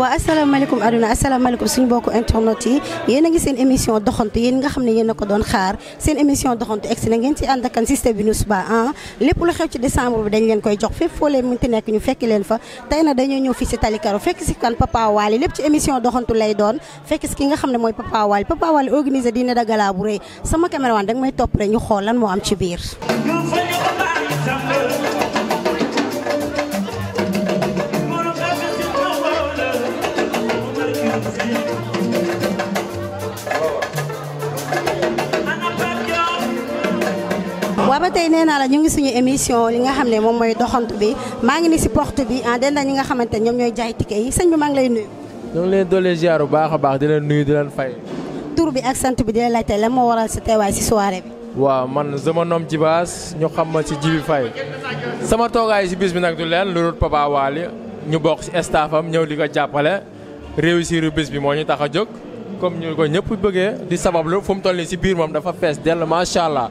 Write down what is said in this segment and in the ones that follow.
waa asalaamaaleykum aduna asalaamaaleykum suñu mbokku internet yi yéen a ngi seen émission doxantu yéen nga xam ne yéen a ko doon xaar seen émission doxantu egsi na ngeen ci ànd ak système bi ah. lépp lu xew ci décembre bi dañ leen koy jox fépp foo leen munti nekk ñu fekk leen fa tey na dañoo ñëw fii si Talikaro fekk si kan Papa lépp ci émission doxantu lay doon fekk si ki nga xam ne mooy Papa Wally Papa Wally organisé dîner de gala bu rëy sama caméraman da nga may topp rek ñu xool lan moo am ci biir waa ba tey nee naa la ñu ngi suñu émission li nga xam ne moom mooy doxantu bi maa ngi ni si porte bi en den ñi nga xamante ñoom ñooy jaay ticket yi sëñ bi maa ngi lay nuyu. ñu leen doole ziar bu baax a baax di leen nuyu di leen fay. tur bi ak sant bi di la laajte lan moo waral sa teewaay si soirée bi. waaw man sama noom ci baas ñu xam ma ci Jibi Faye sama toogaay si bis bi nag du leen lu dul Papa Wally ñu bokk si staffam ñëw di ko jàppale réussir bis bi moo ñu tax a jóg comme ñu ko ñëpp bëggee di sabablu fu mu toll si biir moom dafa fees dell macha allah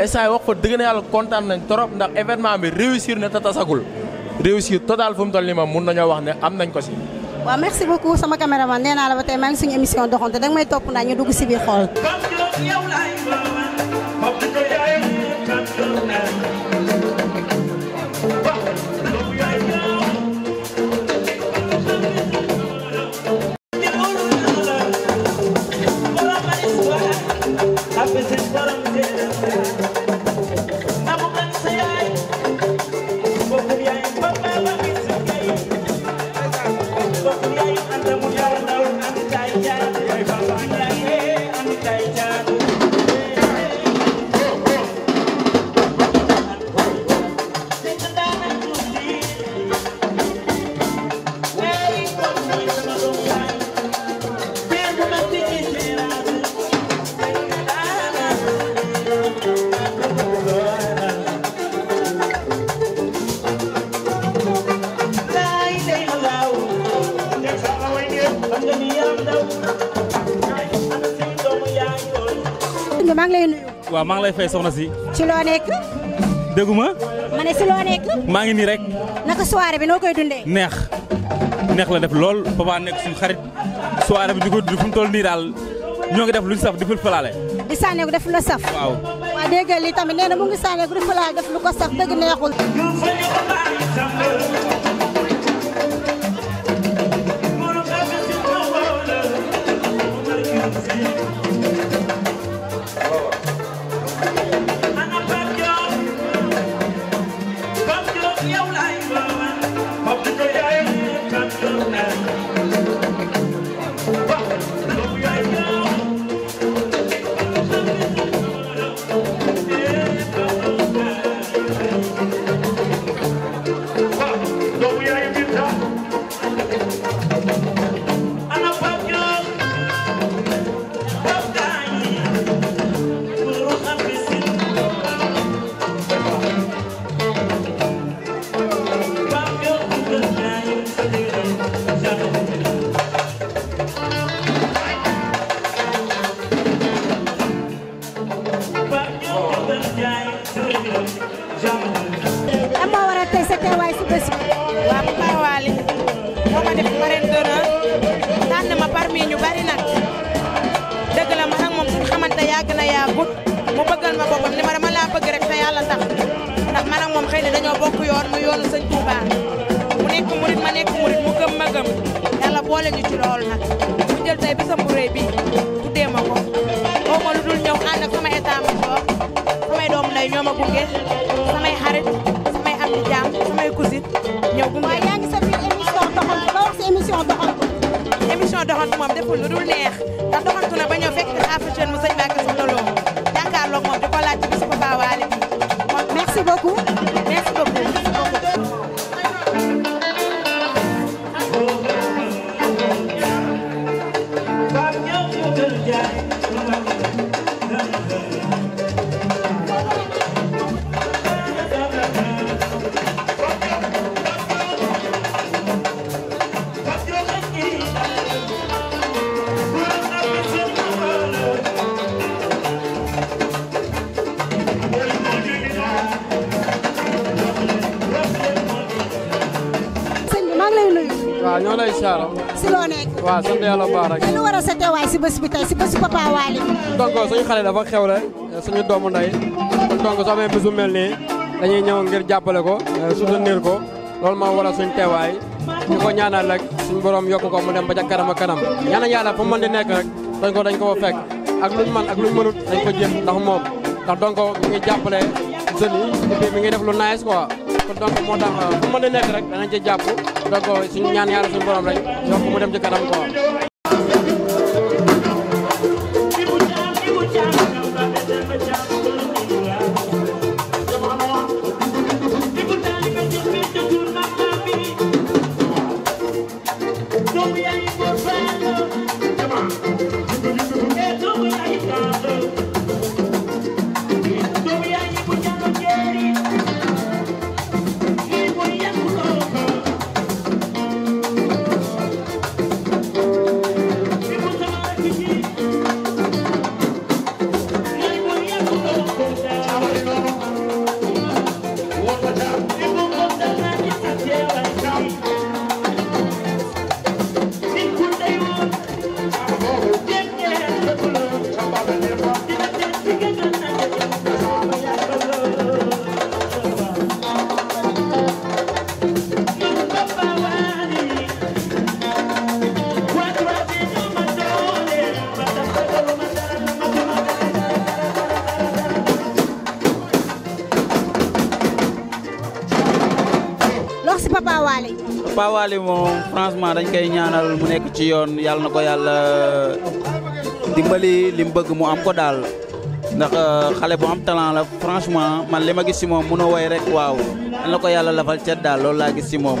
e yi wax fa dëgg na yàlla kontaan nañ trop ndax événement bi réussir na te tasagul réussir total fu mu toll nii moom mun nañoo wax ne am nañ ko si. waaw merci beaucoup sama caméraman nee naa la ba tey maa ngi suñu émission may topp ndax ñu dugg si biir xool. Thank you. maa ngi lay maa ngi lay fay soxna si. ci loo nekk. déggu ma. si loo nekk. maa ngi nii rek. naka soirée bi noo koy dundee. neex neex la def lool papa nekk suñu xarit soirée bi di ko dund fu nii daal ñoo ngi def luñ saf di fël-fëlaale. di sànneeku def lu saf. waaw waa dégg li tamit nee mu ngi sànneeku di fëlaale def lu ko saf dëgg neexul. bëggut mu bëggal ma boppam ni ma dama laa bëgg rek te yàlla tax ndax man ak moom xëy na dañoo bokk yoon mu yoonu sëñ Touba mu nekk murit ma nekk murit mu gëm ma gëm yàlla boole ñu ci loolu nag mu jël tey bisam bu rëy bi tuddee ma ko oo ma lu dul ñëw ànd ak sama état samay doom nday ñoo gunge samay xarit samay am di jaam samay cousine ñëw gunge yaa ngi sa biir émission doxantu ba wax si émission doxantu lu dul neex waa ñoo lay siyaara. si loo nekk. waaw sant yàlla bu baax rek. te lu war a sa teewaay si bés bi tey si bésu papa Waly. donc a xale dafa xewle suñu doomu ndey donc soo amee bés bu mel nii dañuy ñëw ngir jàppale ko euh, soutenir ko loolu moo waral suñu teewaay ñu ko ñaanal rek suñu borom yokk ko mu dem ba ca kanam ak kanam ñaanal yàlla fu mu mën nekk rek dañ ko dañ ko fekk ak luñ man ak luñ mënut dañ ko jéem ndax moom ndax donc ngi jàppale jeunes lu nice quoi donc suñu ñaan yàlla suñu borom rek yokk dem ci kanam quoi. Papa Waly. Papa Waly moom franchement dañ koy ñaanal mu nekk ci yoon yàlla na ko yàlla dimbali li bëgg mu am ko daal ndax euh, xale bu am talent la franchement man li ma gis si moom mënoo way rek waaw yàlla na ko yàlla lafal cet daal loolu laa gis si moom.